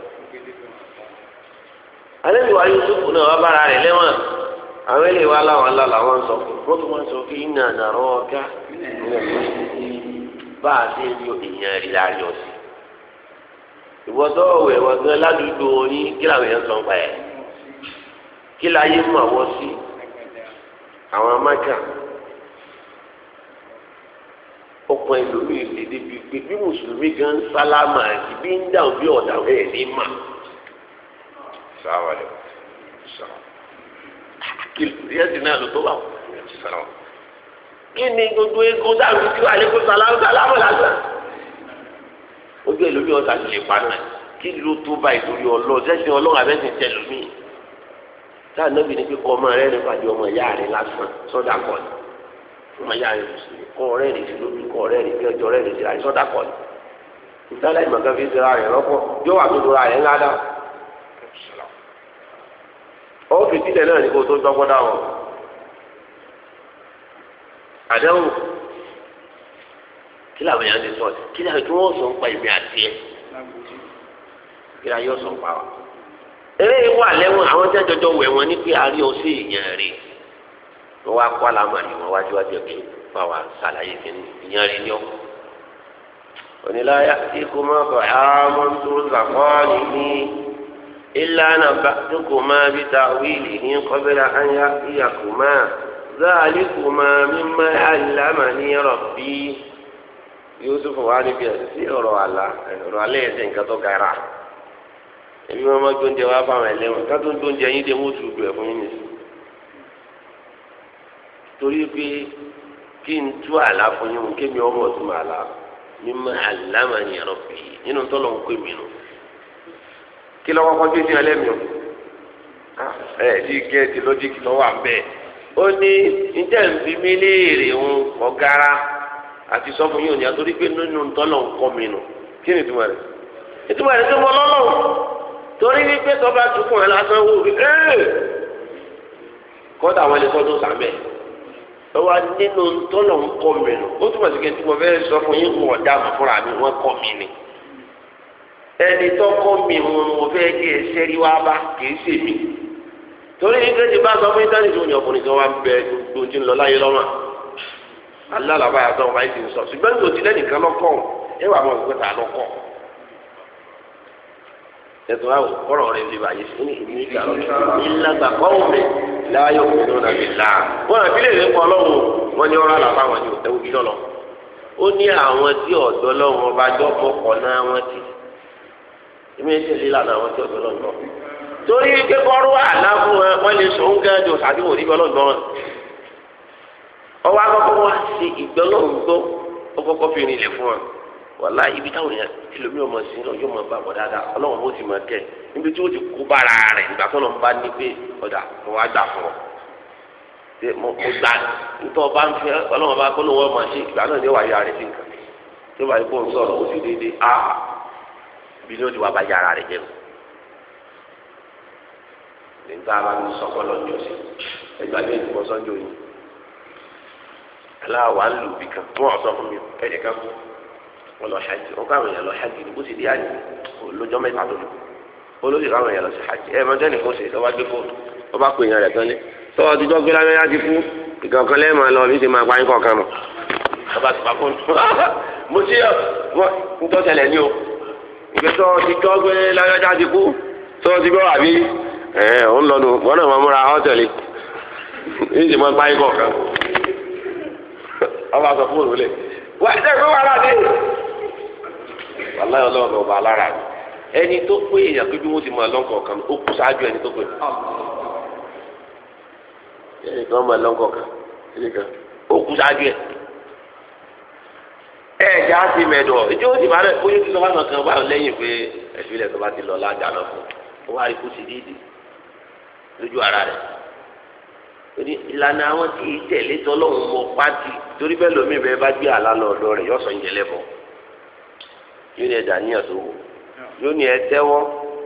alẹ́ mi wáyé Yusuf náà wá bára rẹ̀ lẹ́wọ̀n. àwọn eléyìí wá láwọn aláàlá wọn sọ wọn tún wọn sọ pé iná àdàrọ ọgá bá a ṣe ń lo èèyàn rí láàrin ọ̀sẹ̀ ìwọ́dọ̀ ọ̀wẹ̀ wọn gan ládùúgbò yín kí làwọn èèyàn sọ ń pa ẹ̀ kí láyé mú àwọ̀ sí àwọn amájà ọkùnrin gan sálámà bí ń bí ọ̀dà yẹ́sì náà ló tó wà wọ́n kí ni gbogbo egun dáhùn sí wàlẹ́ kó sàlámù sàlámù lásán ojú ẹ̀ lómi ọ̀sán lè pa náà kí ló tó bá ìtòrí ọlọ́ọ̀ sẹ́sìn ọlọ́ọ̀ abẹ́sìn tẹ lómi táà nọ́bì ní kíkọ́ ọmọ rẹ̀ nípa di ọmọ ìyá rẹ̀ lásán sọ́dà kọ́ ni ọmọ ìyá rẹ̀ mùsùlùmí kọ́ ọ̀rẹ́ rẹ̀ sí lójú kọ́ ọ̀rẹ́ rẹ̀ sí ọjọ́ rẹ̀ sí sọ́dà kọ́ ni ìtàlẹ́ ìmọ̀kan ó fi sílẹ̀ náà ní kó tó gbọ́gbọ́ dáhùn àdéhùn kí làwọn èèyàn ti sọ kí làwọn tí wọ́n sọ ń pa ìmí àti ẹ̀ kí làwọn yóò sọ ń pa wa. eré wà lẹ́wọ̀n àwọn tí àjọjọ wẹ̀ wọ́n ní pé a rí ọsẹ ìyẹn rè wọ́n wá kó àlámà ní wọn wájú wájú ẹ̀kẹ́ bá wa ṣàlàyé ìyẹn rè ní ọ. onílàyà tí kò má bọ̀ ẹ́ àwọn tó ń sàkọ́ nìyí. إلا نبأتكما بتأويله قبل أن يأتيكما ذلكما مما علمني ربي Yusuf za ni bi ẹsẹ ọ̀rọ̀ ala n'i alẹ ẹsẹ nǹkan tó gara èmi ala máa gbóúnjẹ wá fáwọn ẹlẹ́wọ̀n ká tó ń gbóúnjẹ yín dé mọtò gbẹ fún yín nìyí torí pé kí n ni kí lọ́wọ́ kọjú sí ẹlẹ́mi o ah, ẹ ti gé ti lójíkì lọ́wọ́ àbẹ́ ó ní njẹ́ ń fi mí léèrè ń ọ̀gára àti sọ́fún yóò ní àtúrí pé nínú ntọ́lọ̀ ń kọ́ mi nù kí ni ìtumọ̀ rẹ̀ ìtumọ̀ rẹ̀ tó mọ lọ́lọ́ torí wípé tọ́ba tukùn ẹ̀ lásán wò rí ẹ́ẹ̀ kọ́dà àwọn ẹni sọ́dún sàmẹ́ ẹ wá nínú ntọ́lọ̀ ń kọ́ mi nù ó túmọ̀ sí kẹ́ntì mo fẹ́ sọ fún yín kó ọ̀dà ẹni tọkọ mi wọn mo fẹ́ kí ẹ sẹrí wá bá kì í sèmi torí ìgbésẹ̀ bá sọ fún ìtàn ìṣòwò ní ọkùnrin kan wá bẹ gbogbo tí ń lọ láyé lọ́wọ́ alálàbá yàtọ̀ wáyé ti ń sọ ṣùgbọ́n tó ti lẹ́nìkan lọ́kọ̀ ẹ wà mọ̀ pé ta lọ́kọ̀ ẹ̀sùn àwọn kọ́rọ̀ rẹ̀ lè bàyè sí ní ìlú ìgbà lọ́kọ̀ ìlà gbàgbọ́ òmè láyé òmìnir náà lè la wọn àbí lè rí kọ́ lọ́wọ́ wọn ní ọ̀rọ̀ àlàbá wọn ní òtẹ́wọ́ bí lọ́lọ́ ó ní àwọn tí ọ̀dọ́ lọ́wọ́ èmi ń tẹ̀lé ìlànà àwọn tí ọ̀dọ́ lọ́nà torí kékeré wà láfún wọn wọn lè sọ oúnjẹ jù tàbí wọn ò rí gbọ́lọ́ gbọ́n ọwọ́ akọ́kọ́ wa ṣe ìgbọ́lọ́ gbọ́ ọkọ́kọ́ fi rìn ilẹ̀ fún wọn wàlá ibi táwọn èèyàn ẹlòmí ọmọ sí náà yóò máa bá bọ̀ dáadáa ọlọ́run bó ti máa kẹ́ níbi tí ó ti kó bára rẹ̀ nígbà tó lọ́n bá ní pé ọ̀dà mo wá gbà fún ọ. ṣé mo gbà nítorí ọba ń fẹ́ ọlọ́run bá kó lóun ọmọ sí ìgbà náà ní wàá yára sí nǹkan tó bá yẹ kó ń sọ̀rọ̀ ó sì déédéé áà bí ló ti wà bá yàrá rẹ̀ jẹ́ o nígbà bá mi sọ kọ́lọ́ ní ọ̀sẹ̀ ẹgbẹ́ àti ìdìbò sọ́njọ́ yìí aláwa ń lù bí kan fún ọ̀sán fún mi ẹ̀jẹ̀ kan kú wọn lọ ṣáàjì wọn káwọn èèyàn lọ ṣáàjì ní bó ti di àjì olójọ́ mẹ́ta tó lù olójì káwọn èèyàn lọ ṣáàjì ẹ̀ mọ́tẹ́ ní fóṣe lọ́wọ́ gbé fóònù wọ́n bá pè èèyàn rẹ̀ kan lé tọ́wọ́ ti dọ́gbé lábẹ́ láti kú ìkọ̀ọ̀kan lẹ́yìn máa lọ bí ṣe máa pa yín kọ̀ọ̀kan mọ̀ ìgbésọ ti gbọ́ pé lágbájá ti kú tó ti gbọ́ àbí ń wọn náà máa múra ti máa ń báyìí kọ̀ọ̀kan ọba sọ fún òrùlé wà á dẹ́gbẹ́ wà wàláyé ọlọ́run ọba alára ẹ ẹja ti mẹdọ ìjọ ti bá rẹ bóyá ti sọfà náà kan bá lẹ́yìn pé ẹfin lẹsọ bá ti lọ lájà lọ fún ó wá rí kó sì dídì lójú ara rẹ torí ìlànà àwọn tí ì tẹ̀lé tọ́lọ́hún mọ pátì torí bẹ́ẹ̀ lómi bẹ́ẹ̀ bá gbé àlá lọ ọ̀dọ́ rẹ̀ yọ̀sọ̀ ń jẹlẹ̀ bọ̀ yóò ní ẹ̀dá níyàn tó wò yóò ní ẹ tẹ́wọ́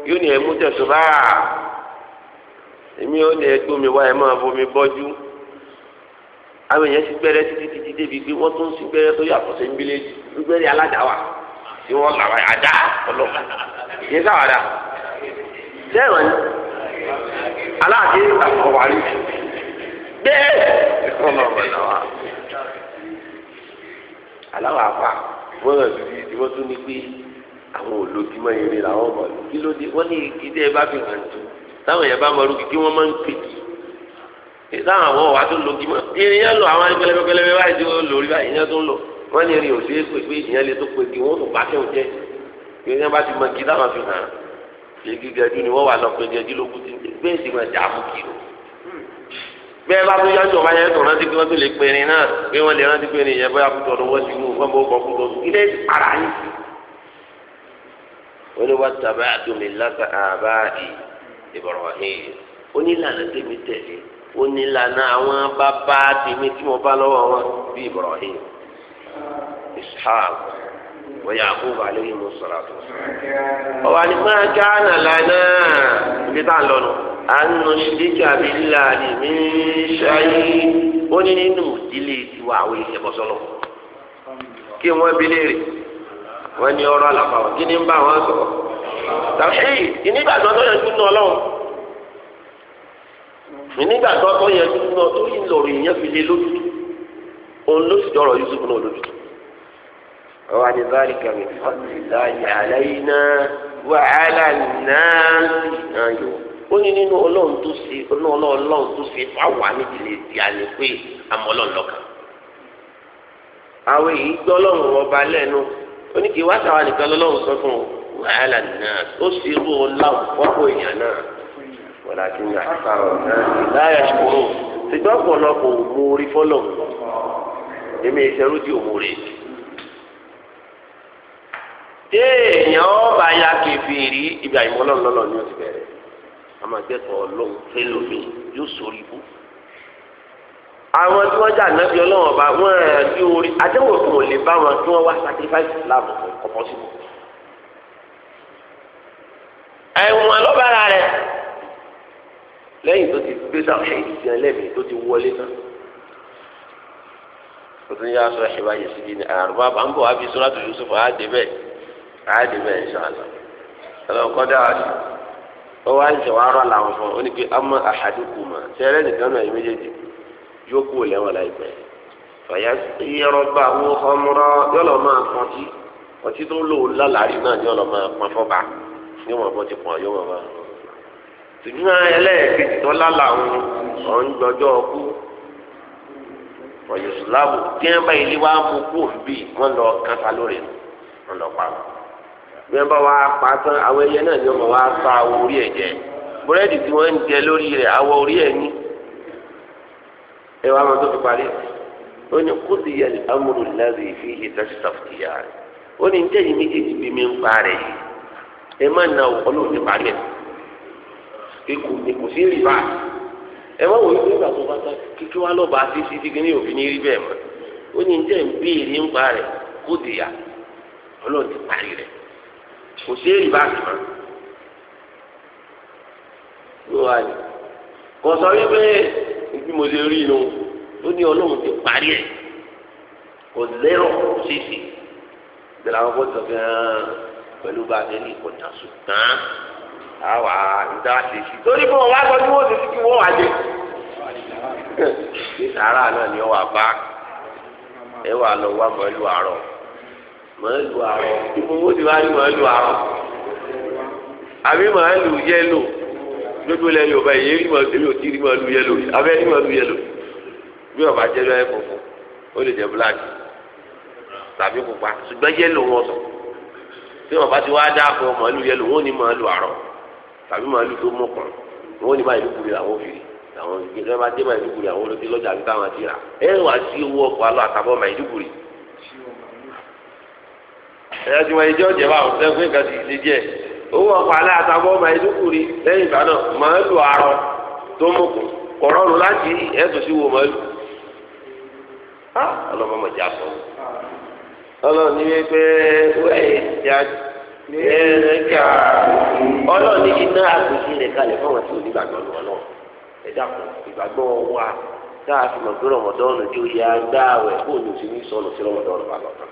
yóò ní ẹ mú tẹ̀sùn bá a èmi ò ní ẹ gbómi wá ẹ máa bomi bọ́jú àwọn èèyàn ti débi pé wọ́n tún ń sígbẹ́rẹ́ tó yàtọ̀ sí nbílẹ̀jì nbílẹ̀jì aládàáwà tí wọ́n là wáyé àdá ọlọ́mọ yẹn sáwàdà sẹ́wọ̀n ni aláàdé àkọwárí bẹ́ẹ̀ ọlọ́mọ náà wà aláwọ̀ àpá wọ́n rẹ̀ sí ti wọ́n tún ní pé àwọn olódìmọ̀ eré làwọn mọ̀ kí ló dé wọ́n ní ìdí ẹ bá fi hàn tó táwọn yẹn bá mọ̀ lókè kí wọ́n máa ń pèkì ìtàn àwọn ọ̀wá tó lo gímọ̀ irin yẹn lò àwọn pẹlẹbẹpẹlẹbẹ báyìí tó lórí báyìí yẹn tó ń lò wọ́n ní irin òsì èpè pé ìyẹn lè tó pe igi wọ́n tó bá tó jẹ́ pé yẹn bá ti mọ igi táwọn fi hàn igi gẹ̀ẹ́dú ni wọ́n wà lọ pé gẹ̀ẹ́dú ló kú ti bẹ́ẹ̀ sì máa dà á mú kiri bẹ́ẹ̀ bá tó yájọ bá yẹn tó rántí pé wọ́n tó lè pèrè náà pé wọ́n lè rántí pé nìyẹn bóyá kútó ọdún wọ́n ó ní ìlànà àwọn bàbá tèmi tí mo bá lọ́wọ́ wọn bí Ibrahim Ishaq wa Yaqub alayhi musalatu ọwọ ni máa gánà lánà ibi tá à ń lọ nù à ń nu ṣíríkà billahi min ó ní nínú ìdílé tiwa àwọn èèyàn bọ sọlọ kí wọn bi léèrè wọn ní ọ̀rọ̀ àlàfà wọn kí ni bá wọn sọ tàbí ìnígbàgbọ́ tó yẹ kí n Ọlọ́run nígbà tó tó yẹ kí náà tó yìí lọ̀rọ̀ yẹn fi lé lójú òun ló sì dọ̀rọ̀ Yusuf náà lójú. àwọn àdìbárí kàmí fàtìlá yàrá iná wàhálà náà sì náà yọ ó ní nínú ọlọ́run tó ṣe ọlọ́run tó ṣe fáwọn méjìlél ti àlè pé àmọ́ lọ́kàn. àwọn èyí gbọ́ ọlọ́run ọba lẹ́nu ó ní kí wá sáwọn nìkan lọ́lọ́run sọ fún wàhálà náà ó sì rú ọlá òkú èèyàn náà wọ́n láti ní àṣàrò láyà ṣòro ṣùgbọ́n ọ̀pọ̀lọpọ̀ òmù orí fọ́lọ̀ èmi ìṣerú di òmù rè. téèyàn ọba ya kẹfìrí ibi àìmọ́lọ́lọ́lọ́ ni ó ti bẹ̀rẹ̀ amagẹ́tọ̀ ọlọ́run fẹ́lómi yóò sórí ibú. àwọn tí wọ́n jà nábì ọlọ́run ọba wọ́n ẹ̀ bí orí adéwòsàn ò lè bá wọn kí wọ́n wá sacrifice islam kọ̀ọ̀kan síbò. ẹ̀wọ̀n lọ́bàrà rẹ̀ lẹ́yìn tó ti gbé sáwọn èyí ti ẹlẹ́mìí tó ti wọlé náà o tún yà sọ ẹ̀ṣẹ̀ báyìí sí ní àrùbá bá ń bọ̀ wá bí sọ́látù Yusuf á dé bẹ́ẹ̀ á dé bẹ́ẹ̀ ṣáàlà ẹ̀rọ kọ́dà ó wá ń ṣẹ̀wá rọ̀ làwọn fún ọ ní pé ọmọ àhàdùkù mà sẹ́rẹ́ nìkan náà yìí méjèèjì yóò kú lẹ́wọ̀n láìpẹ́ fàyà yẹrọ bá wo ọmọrọ yọlọ máa pọn tí ọtí tó lò lálàárí náà yọlọ máa pọn fọba yọmọ bọ ti pọn yọmọ máa ṣùgbọ́n ẹlẹ́ẹ̀kejì tó lálà ń ọ̀ǹgbọ́jọ́ ọkú ọ̀yọ̀ sùlámù kí wọ́n bá ilé wa mú kú bíi wọ́n lọ kásá lórí wọn lọ pa wọn. bí wọ́n bá wa pa tán àwọn ẹyẹ náà ni wọ́n wá sa awọ orí ẹ̀ jẹ tí wọ́n ń jẹ lórí rẹ̀ awọ orí ẹ̀ ní. ẹ wá tó fi parí ó ní amúlù ìfi rẹ̀ ó ní ní tẹ́yìn méjèèjì mi ń pa rẹ̀ na ekò ní kò sí rìbá ẹ wá wò ó pé ìgbà tó bá ta kíkí wá lọ́ba àti títí kí ní òfin ní rí bẹ́ẹ̀ mọ́ ó ní jẹ́ ń bí ìní ń pa rẹ̀ kó dìyà ọlọ́run ti parí rẹ̀ kò sí rìbá sí mọ́ ló wà ní kò sọ wípé bí mo ṣe rí inú ó ní ọlọ́run ti parí ẹ̀ kò lérò kò sí kò sọ fún un pẹ̀lú bá a ṣe ní ìkọjà sùn tán àwa ìdá ṣe sí. torí bí wọn wá tí wọn ti fi wọn wá jẹ. ìsàrà náà ni wà bá ẹ wà lọ wá mọ́lú àárọ̀ mọ́lú àárọ̀ owó ti wá ní mọ́lú àárọ̀ àbí mọ́lú yẹ́lò gbogbo lẹ́yìn ọba yìí rí mọ́lú yẹ́lò tí rí mọ́lú yẹ́lò abẹ́ rí mọ́lú yẹ́lò bí ọba jẹ́ lọ́yẹ́ funfun ó lè jẹ́ black tàbí pupa ṣùgbọ́n yẹ́lò wọn sọ tí ọba ti wá dáàbò mọ́lú yẹ́lò wọn ò ní mọ́lú àárọ̀ tàbí màálù tó mọ̀ kàn wọ́n ní máa ìlú kúrè àwọn òfìrí àwọn ìgbésẹ̀ wọn bá dé máa ìlú kúrè àwọn olóṣèlú lọ́jà àbí táwọn ti rà ẹ wà sí owó ọkọ̀ alọ́ àtàbọ̀ máa ìlú kúrè. ẹ̀yà tí wọ́n ẹjẹ́ ọ̀jẹ̀ bá àwọn sẹ́kùn nǹkan sì ṣe díẹ̀ owó ọkọ̀ alọ́ àtàbọ̀ máa ìlú kúrè lẹ́yìn ìgbà náà màálù arọ tó mọ̀ kù kọ̀rọ̀rùn láti ẹ̀sùn sí wo màálù. ọlọ́mọ ọlọ́run ní iná àgbèjì rẹ̀ kalẹ̀ fún àwọn tí ò ní gbàgbọ́ lọ́wọ́ náà ẹ̀dá kan ìgbàgbọ́ wa tá a fi mọ̀ pé rọmọdọ́ọ̀nù kó o ní oṣù ní sí rọmọdọ́ọ̀nù bá lọ tán.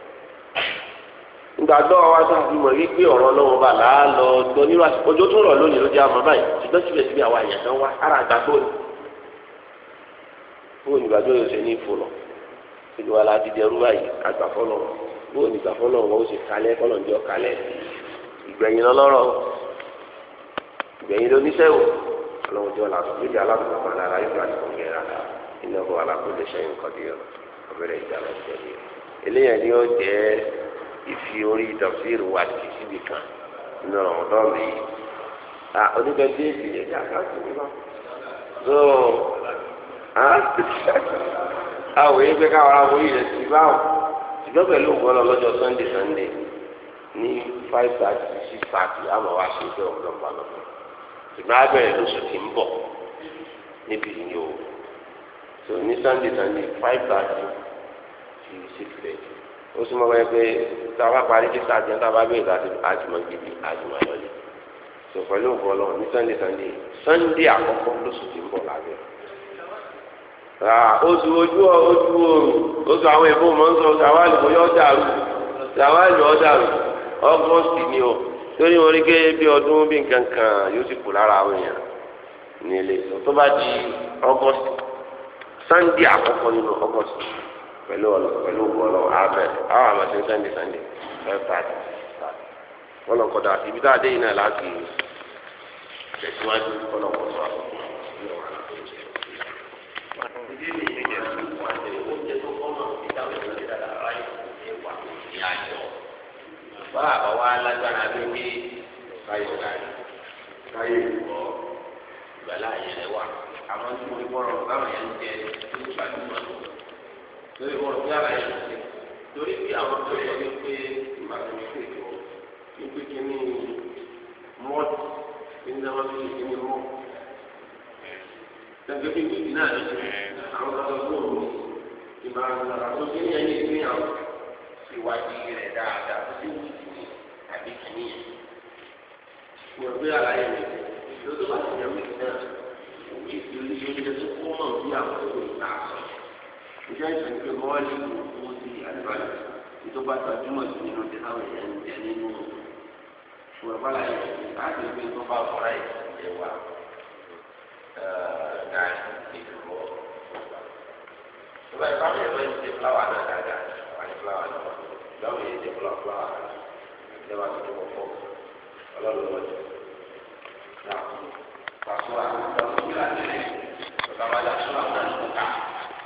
ìgbàgbọ́ wa tá a fi mọ̀ wípé ọ̀rọ̀ bá là á lọ gbọ́ nínú àsìkò ojú tó rọ̀ ara ìgbẹ̀yìn lọ́lọ́rọ̀ ìgbẹ̀yìn lóníṣẹ́wò ọlọ́run jọ làásùn yóò di aláàbò máa lára yóò láti kọ́ yẹn rárá iná bọ̀ alákòóso ṣẹ́yìn nǹkan di ọ̀rọ̀ ọ̀bẹ̀rẹ̀ ìjà lọ sí ẹ̀mí eléyàn ni ó jẹ́ ìfi orí tafsiru wa ti síbi kan nínú ọ̀rọ̀ dọ́ọ̀mù yìí à oníbẹ̀ déèdì yẹn jà ká sí nípa so àwọn èèyàn gbé káwọn àwọn orí rẹ̀ ti báwọn ṣùgbọ́n pẹ̀lú ògbọ́n lọ lọ́jọ́ Sunday Sunday ní five thirty six thirty àmọ́ wá ṣe bẹ́ẹ̀ ọlọ́pàá lọ́pàá ṣùgbọ́n abẹ́rẹ́ lóṣù tí ń bọ̀ níbi yìí o so ní sunday sunday five thirty sí six thirty ó sì mọ́ wáyé pé tá a bá parí six thirty tá a bá bẹ̀rẹ̀ láti àjùmọ̀ gidi àjùmọ̀ lọ́lẹ̀ so pẹ̀lú òkú ọlọ́run ní sunday sunday sunday àkọ́kọ́ lóṣù tí ń bọ̀ lábẹ́ oṣù ojú ojú oòrùn oṣù àwọn ìbomọ̀ ń sọ ṣàwálì kò yọ ọ́ dàrú ṣàwálì ọ́ dàrú ọgọ́sì ni o torí wọn rí gé bí ọdún bí nǹkan kan yóò ti kù lára àwọn èèyàn ní ilé ìsọ tó bá di ọgọ́sì sannde àkọ́kọ́ nínú ọgọ́sì pẹ̀lú ọ̀nà pẹ̀lú ọ̀nà abẹ́ẹ̀ àwọn àmọ̀tí sannde sannde five thirty wọn lọ kọ́dà ibi tá a dé yìí náà láti tẹ̀síwájú wọn lọ kọ́ sọ àkọ́kọ́ ìdílé ìgbẹ́jẹ̀ oúnjẹ báwa bá wá lágbára lórí káyọ̀ gàrí káyọ̀ ìwọ̀ ìgbàlá yẹn lẹ wà àwọn tí mo gbọ́rọ̀ báwọn yẹn jẹ tó gbajúmọ̀ lórí wọn bí ara yẹn ti torí bí àwọn tó sọ wípé ìmàlúwìsì ìjọ wípé kí ni mọ́ọ̀tì kí ni wọ́n fi kí ni mọ́ọ̀tì tẹ̀sí bí wíìgì náà ní àwọn ọ̀dọ́ tó ń lò ìmọ̀ràn ìmọ̀ràn tó ṣe ní ẹni ìpínyàwó ìwádìí rẹ̀ dáadáa ó sì wíìgì tàbí kìnìyàn mo gbé àlàyé mi lọ́dọ̀ bá ti yẹ wí náà ìdílé tó kó mọ̀ bí àwọn tó ìjọ ìsìn pé bọ́ọ̀lì kò kó sí àlùbáyé ìtọ́gbà gbajúmọ̀ sí nínú ti táwọn èèyàn ń jẹ nínú ṣùgbọ́n bá láyé láti gbé tó bá fọ́ra ìjẹwà dáì ìdúró. ìgbà ìfọwọ́ yẹn lọ sí fúláwà náà dáadáa wà ní fúláwà náà lọ́wọ́ yẹn jẹ lẹ́wà tó wọ̀ fọ́ ọlọ́run lọ́jọ́. Nà pàṣọ àwọn ọ̀dọ́ ìlànà ẹ̀ bàbá wa lásán àwọn àlùkò ká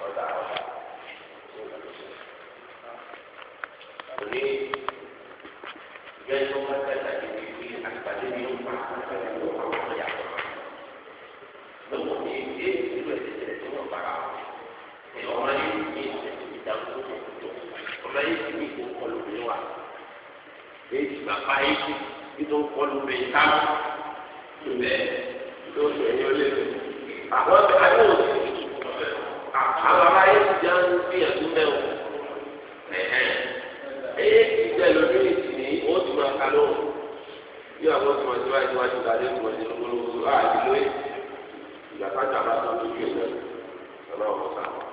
ọ̀dà ọ̀dà. Òní ìgbẹ́ tó bá tẹ̀lé ìwé ìwé àgbàdo ní ọgbà àgbàdo ní ọgbà àwọn ọ̀yà. Lọ́wọ́ ní èyí bàbá yìí nínú kọlu bẹ̀yì táwọn ìbẹ̀ tó bẹ̀yì ó lé mi. àwọn ọbẹ̀ ayé wò sí àwọn aráyé ti dá ń fi ẹ̀sùn mẹ́ o. ẹyẹ ti dẹ lórí ìsìn ní ó ti máa ka lóhùn bí àwọn ọmọ tí wáyé wájú ká lé ìmọ̀ ah, ìdílé olówó àdìlóyè ìgbà kájà bá tán lójú ìlẹ̀ ọlọ́run